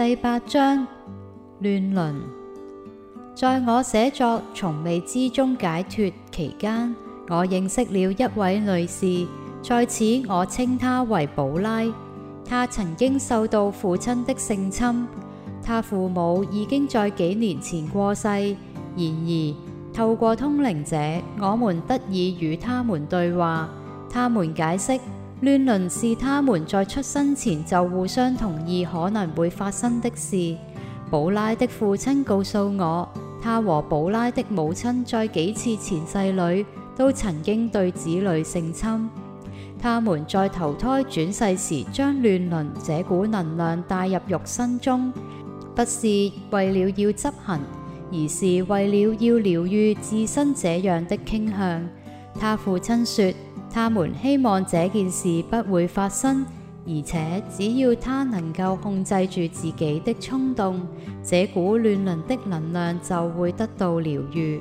第八章亂倫。在我寫作從未之中解脫期間，我認識了一位女士，在此我稱她為保拉。她曾經受到父親的性侵，她父母已經在幾年前過世。然而透過通靈者，我們得以與他們對話，他們解釋。亂倫是他們在出生前就互相同意可能會發生的事。保拉的父親告訴我，他和保拉的母親在幾次前世裏都曾經對子女性侵。他們在投胎轉世時將亂倫這股能量帶入肉身中，不是為了要執行，而是為了要療癒自身這樣的傾向。他父親說。他們希望這件事不會發生，而且只要他能夠控制住自己的衝動，這股亂倫的能量就會得到療癒。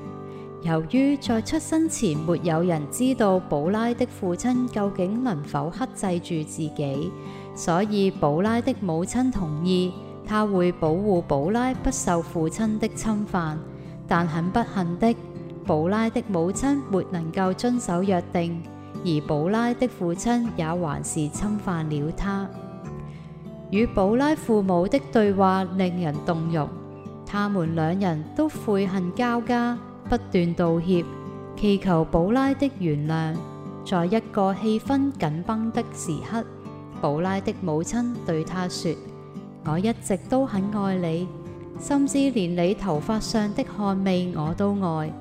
由於在出生前沒有人知道寶拉的父親究竟能否剋制住自己，所以寶拉的母親同意他會保護寶拉不受父親的侵犯。但很不幸的，寶拉的母親沒能夠遵守約定。而保拉的父親也還是侵犯了她。與保拉父母的對話令人動容，他們兩人都悔恨交加，不斷道歉，祈求保拉的原諒。在一個氣氛緊繃的時刻，保拉的母親對他說：我一直都很愛你，甚至連你頭髮上的汗味我都愛。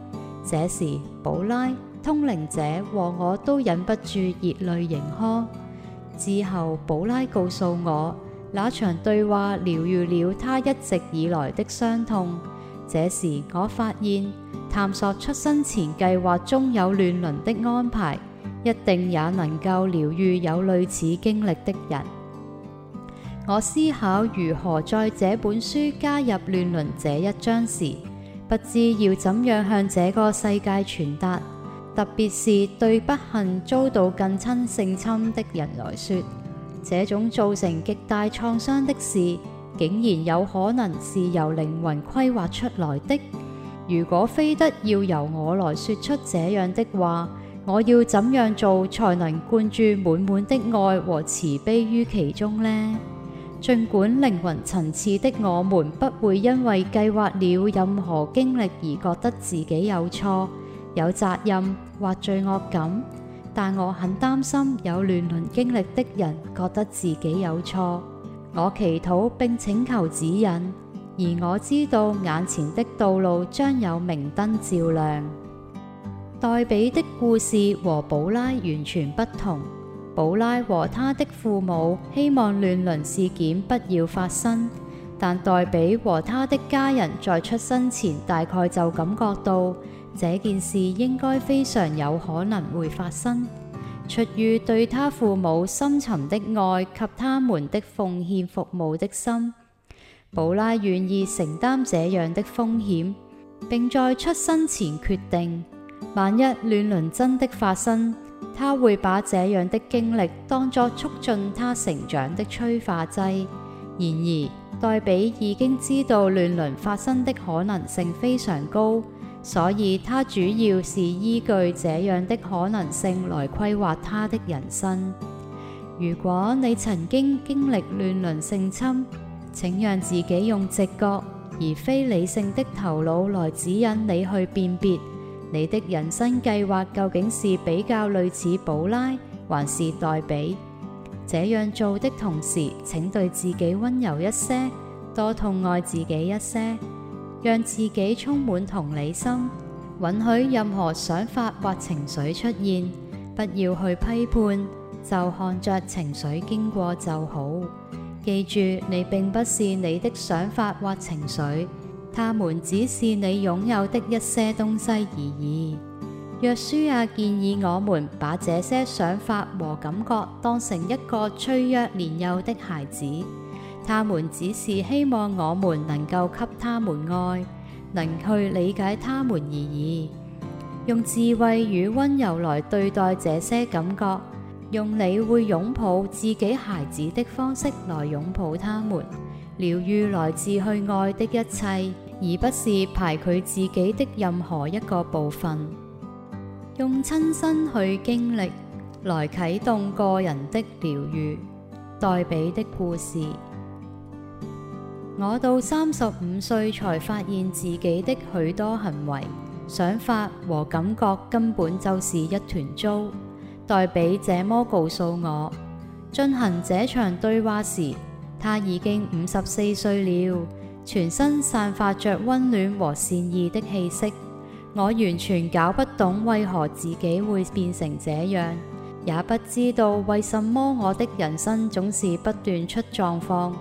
這時，保拉。通靈者和我都忍不住熱淚盈眶。之後，保拉告訴我，那場對話療癒了他一直以來的傷痛。這時我發現，探索出生前計劃中有亂倫的安排，一定也能夠療癒有類似經歷的人。我思考如何在這本書加入亂倫這一章時，不知要怎樣向這個世界傳達。特別是對不幸遭到近親性侵的人來說，這種造成極大創傷的事，竟然有可能是由靈魂規劃出來的。如果非得要由我來說出這樣的話，我要怎樣做才能灌注滿滿的愛和慈悲於其中呢？盡管靈魂層次的我們不會因為計劃了任何經歷而覺得自己有錯。有責任或罪惡感，但我很擔心有亂倫經歷的人覺得自己有錯。我祈禱並請求指引，而我知道眼前的道路將有明燈照亮。黛比的故事和寶拉完全不同。寶拉和她的父母希望亂倫事件不要發生，但黛比和她的家人在出生前大概就感覺到。這件事應該非常有可能會發生。出於對他父母深沉的愛及他們的奉獻服務的心，寶拉願意承擔這樣的風險，並在出生前決定，萬一亂倫真的發生，他會把這樣的經歷當作促進他成長的催化劑。然而，黛比已經知道亂倫發生的可能性非常高。所以，他主要是依據這樣的可能性來規劃他的人生。如果你曾經經歷亂倫性侵，請讓自己用直覺而非理性的頭腦來指引你去辨別你的人生計劃究竟是比較類似寶拉還是黛比。這樣做的同時，請對自己温柔一些，多痛愛自己一些。讓自己充滿同理心，允許任何想法或情緒出現，不要去批判，就看着情緒經過就好。記住，你並不是你的想法或情緒，他們只是你擁有的一些東西而已。約書亞也建議我們把這些想法和感覺當成一個脆弱年幼的孩子。他們只是希望我們能夠給他們愛，能去理解他們而已。用智慧與溫柔來對待這些感覺，用你會擁抱自己孩子的方式來擁抱他們。療癒來自去愛的一切，而不是排拒自己的任何一個部分。用親身去經歷來啟動個人的療癒。黛比的故事。我到三十五歲才發現自己的許多行為、想法和感覺根本就是一團糟。黛比這麼告訴我，進行這場對話時她已經五十四歲了，全身散發着温暖和善意的氣息。我完全搞不懂為何自己會變成這樣，也不知道為什麼我的人生總是不斷出狀況。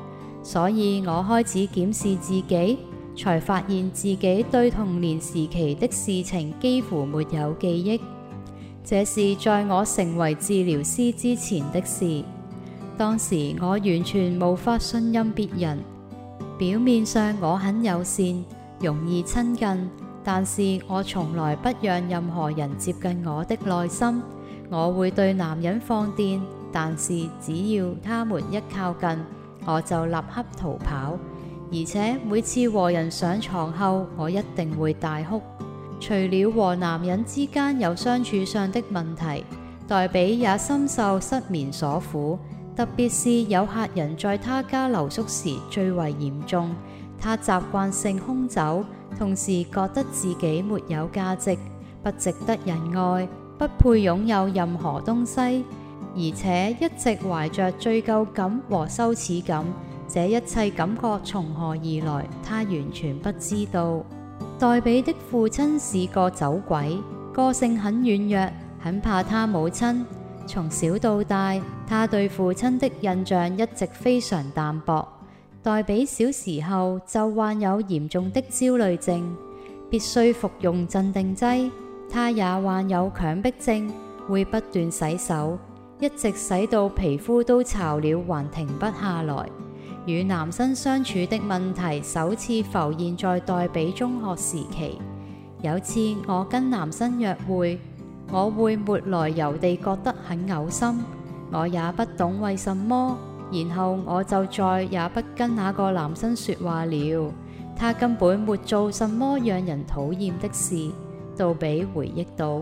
所以我開始檢視自己，才發現自己對童年時期的事情幾乎沒有記憶。這是在我成為治療師之前的事。當時我完全無法信任別人。表面上我很友善，容易親近，但是我從來不讓任何人接近我的內心。我會對男人放電，但是只要他們一靠近，我就立刻逃跑，而且每次和人上床後，我一定會大哭。除了和男人之間有相處上的問題，黛比也深受失眠所苦，特別是有客人在他家留宿時最為嚴重。他習慣性空走，同時覺得自己沒有價值，不值得人愛，不配擁有任何東西。而且一直懷着罪疚感和羞恥感，這一切感覺從何而來？他完全不知道。黛比的父親是個酒鬼，個性很軟弱，很怕他母親。從小到大，他對父親的印象一直非常淡薄。黛比小時候就患有嚴重的焦慮症，必須服用鎮定劑。他也患有強迫症，會不斷洗手。一直洗到皮膚都糙了，還停不下來。與男生相處的問題，首次浮現在黛比中學時期。有次我跟男生約會，我會沒來由地覺得很嘔心，我也不懂為什麼。然後我就再也不跟那個男生說話了。他根本沒做什麼讓人討厭的事。黛比回憶到。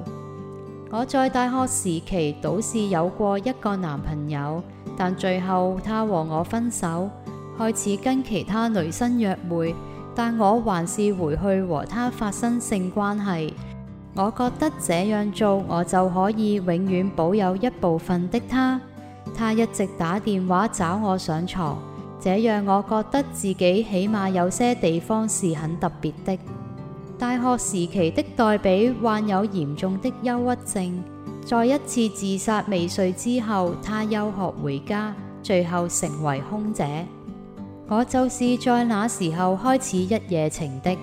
我在大學時期倒是有過一個男朋友，但最後他和我分手，開始跟其他女生約會，但我還是回去和他發生性關係。我覺得這樣做我就可以永遠保有一部分的他。他一直打電話找我上床，這讓我覺得自己起碼有些地方是很特別的。大學時期的黛比患有嚴重的憂鬱症，在一次自殺未遂之後，她休學回家，最後成為空姐。我就是在那時候開始一夜情的，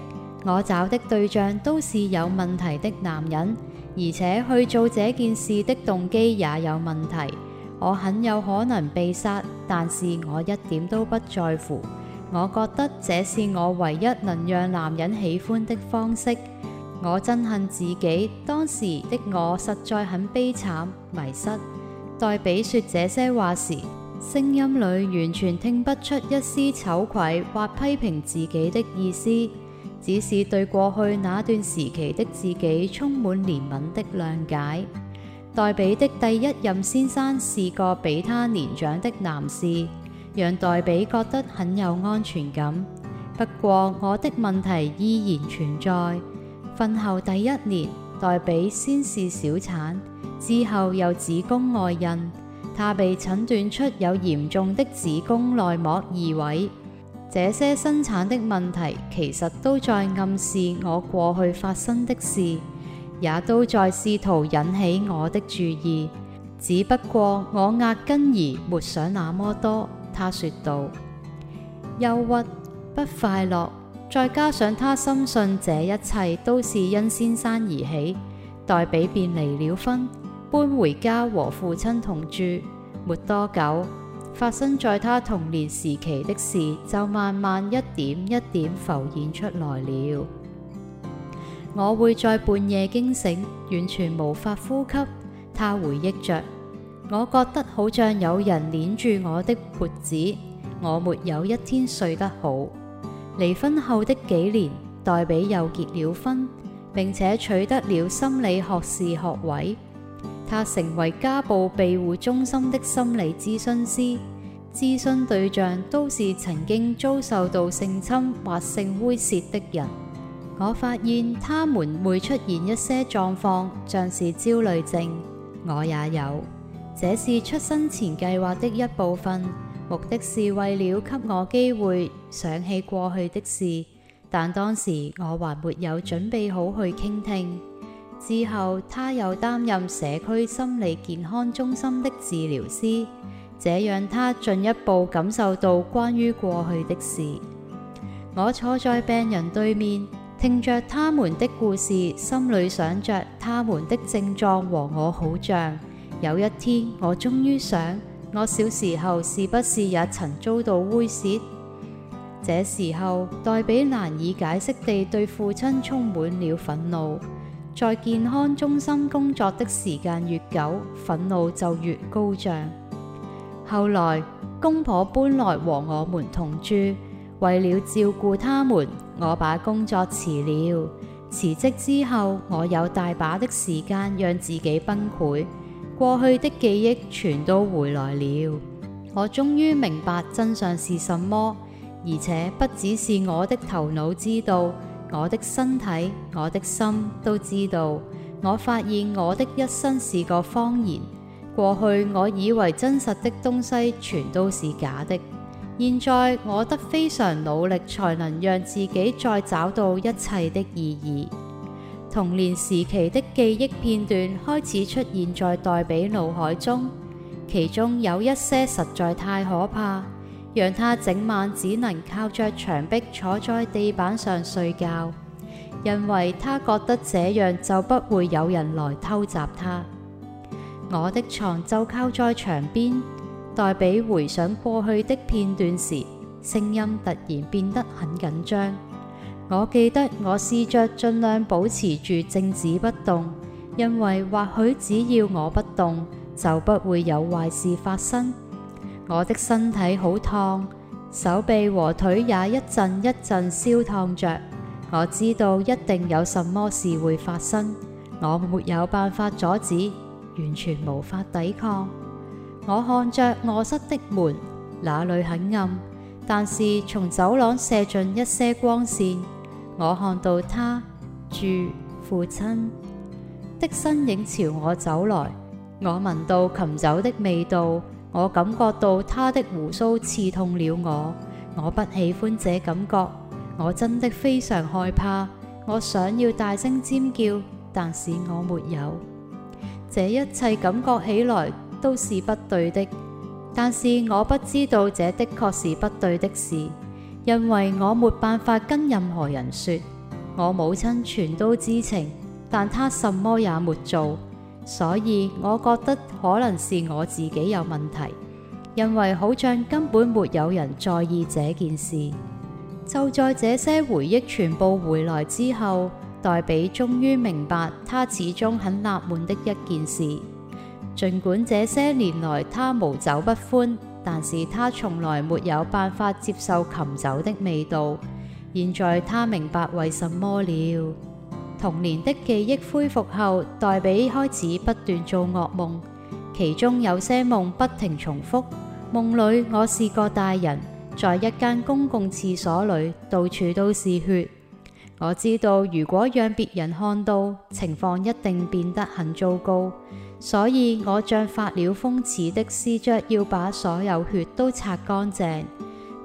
我找的對象都是有問題的男人，而且去做這件事的動機也有問題。我很有可能被殺，但是我一點都不在乎。我覺得這是我唯一能讓男人喜歡的方式。我憎恨自己，當時的我實在很悲慘、迷失。黛比說這些話時，聲音裏完全聽不出一絲丑愧或批評自己的意思，只是對過去那段時期的自己充滿憐憫的諒解。黛比的第一任先生是個比她年長的男士。讓黛比覺得很有安全感。不過我的問題依然存在。婚後第一年，黛比先是小產，之後又子宮外孕，她被診斷出有嚴重的子宮內膜異位。這些生產的問題其實都在暗示我過去發生的事，也都在試圖引起我的注意。只不過我壓根兒沒想那麼多。他說道：憂鬱、不快樂，再加上他深信這一切都是因先生而起，黛比便離了婚，搬回家和父親同住。沒多久，發生在他童年時期的事就慢慢一點一點浮現出來了。我會在半夜驚醒，完全無法呼吸。他回憶着。我覺得好像有人捏住我的脖子，我沒有一天睡得好。離婚後的幾年，黛比又結了婚，並且取得了心理學士學位。他成為家暴庇護中心的心理諮詢師，諮詢對象都是曾經遭受到性侵或性猥褻的人。我發現他們會出現一些狀況，像是焦慮症，我也有。這是出生前計劃的一部分，目的是為了給我機會想起過去的事，但當時我還沒有準備好去傾聽。之後，他又擔任社區心理健康中心的治療師，這讓他進一步感受到關於過去的事。我坐在病人對面，聽着他們的故事，心裏想着他們的症狀和我好像。有一天，我終於想，我小時候是不是也曾遭到猥褻？這時候，黛比難以解釋地對父親充滿了憤怒。在健康中心工作的時間越久，憤怒就越高漲。後來，公婆搬來和我們同住，為了照顧他們，我把工作辭了。辭職之後，我有大把的時間讓自己崩潰。過去的記憶全都回來了，我終於明白真相是什麼，而且不只是我的頭腦知道，我的身體、我的心都知道。我發現我的一生是個謊言，過去我以為真實的東西全都是假的，現在我得非常努力才能讓自己再找到一切的意義。童年時期的記憶片段開始出現在黛比腦海中，其中有一些實在太可怕，讓他整晚只能靠着牆壁坐在地板上睡覺，因為他覺得這樣就不會有人來偷襲他。我的床就靠在牆邊。黛比回想過去的片段時，聲音突然變得很緊張。我記得我試着盡量保持住靜止不動，因為或許只要我不動，就不會有壞事發生。我的身體好燙，手臂和腿也一陣一陣燒燙着。我知道一定有什麼事會發生，我沒有辦法阻止，完全無法抵抗。我看着臥室的門，那裏很暗。但是從走廊射進一些光線，我看到他住父親的身影朝我走來。我聞到琴酒的味道，我感覺到他的鬍鬚刺痛了我。我不喜歡這感覺，我真的非常害怕。我想要大聲尖叫，但是我沒有。這一切感覺起來都是不對的。但是我不知道這的確是不對的事，因為我沒辦法跟任何人說。我母親全都知情，但她什麼也沒做，所以我覺得可能是我自己有問題。因為好像根本沒有人在意這件事。就在這些回憶全部回來之後，黛比終於明白她始終很納悶的一件事。儘管這些年來他無酒不歡，但是他從來沒有辦法接受琴酒的味道。現在他明白為什麼了。童年的記憶恢復後，黛比開始不斷做噩夢，其中有些夢不停重複。夢裏我是個大人，在一間公共廁所裏，到處都是血。我知道如果讓別人看到，情況一定變得很糟糕。所以我像發了瘋似的撕着，要把所有血都擦乾淨。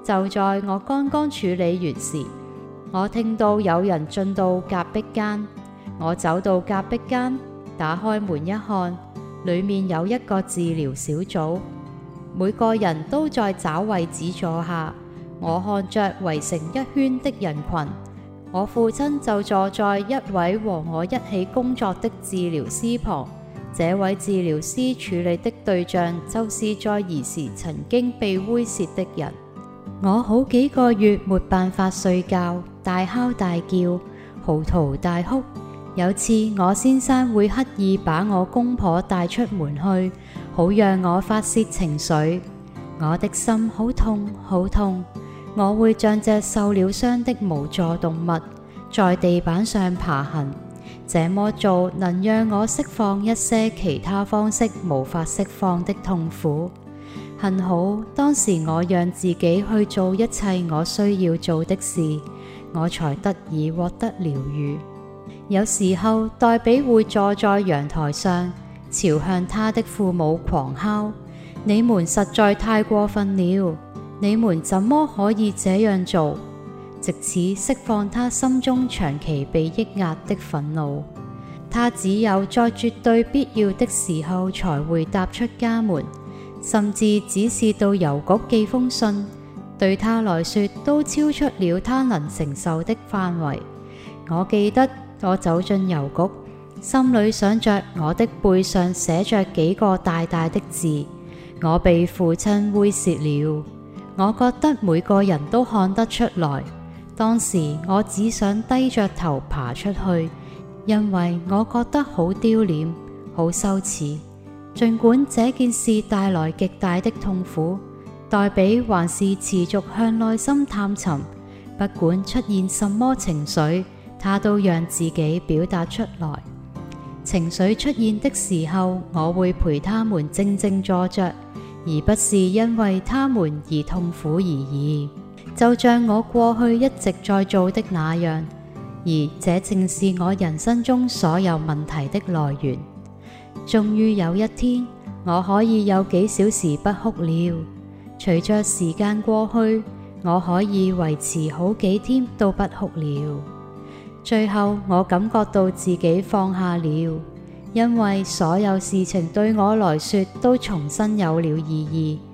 就在我剛剛處理完時，我聽到有人進到隔壁間。我走到隔壁間，打開門一看，裏面有一個治療小組，每個人都在找位置坐下。我看着圍成一圈的人群，我父親就坐在一位和我一起工作的治療師旁。這位治療師處理的對象就是在兒時曾經被猥褻的人。我好幾個月沒辦法睡覺，大哮大叫，嚎啕大哭。有次我先生會刻意把我公婆帶出門去，好讓我發洩情緒。我的心好痛好痛，我會像隻受了傷的無助動物，在地板上爬行。這麼做能讓我釋放一些其他方式無法釋放的痛苦。幸好當時我讓自己去做一切我需要做的事，我才得以獲得療愈。有時候，黛比會坐在陽台上，朝向他的父母狂敲：「你們實在太過分了！你們怎麼可以這樣做？直此釋放他心中長期被抑壓的憤怒。他只有在絕對必要的時候才會踏出家門，甚至只是到郵局寄封信，對他來說都超出了他能承受的範圍。我記得我走進郵局，心裏想着我的背上寫着幾個大大的字，我被父親猥褻了。我覺得每個人都看得出來。當時我只想低着頭爬出去，因為我覺得好丟臉、好羞恥。儘管這件事帶來極大的痛苦，黛比還是持續向內心探尋。不管出現什麼情緒，他都讓自己表達出來。情緒出現的時候，我會陪他們靜靜坐着，而不是因為他們而痛苦而已。就像我過去一直在做的那樣，而這正是我人生中所有問題的來源。終於有一天，我可以有幾小時不哭了。隨着時間過去，我可以維持好幾天都不哭了。最後，我感覺到自己放下了，因為所有事情對我來說都重新有了意義。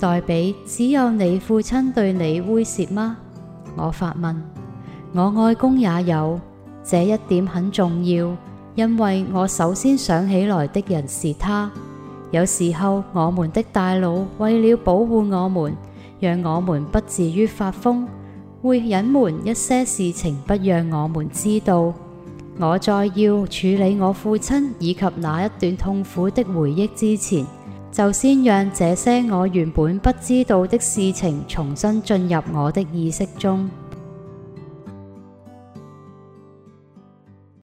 黛比，只有你父親對你猥褻嗎？我發問。我外公也有，這一點很重要，因為我首先想起來的人是他。有時候我們的大腦為了保護我們，讓我們不至於發瘋，會隱瞞一些事情不讓我們知道。我在要處理我父親以及那一段痛苦的回憶之前，就先讓這些我原本不知道的事情重新進入我的意識中。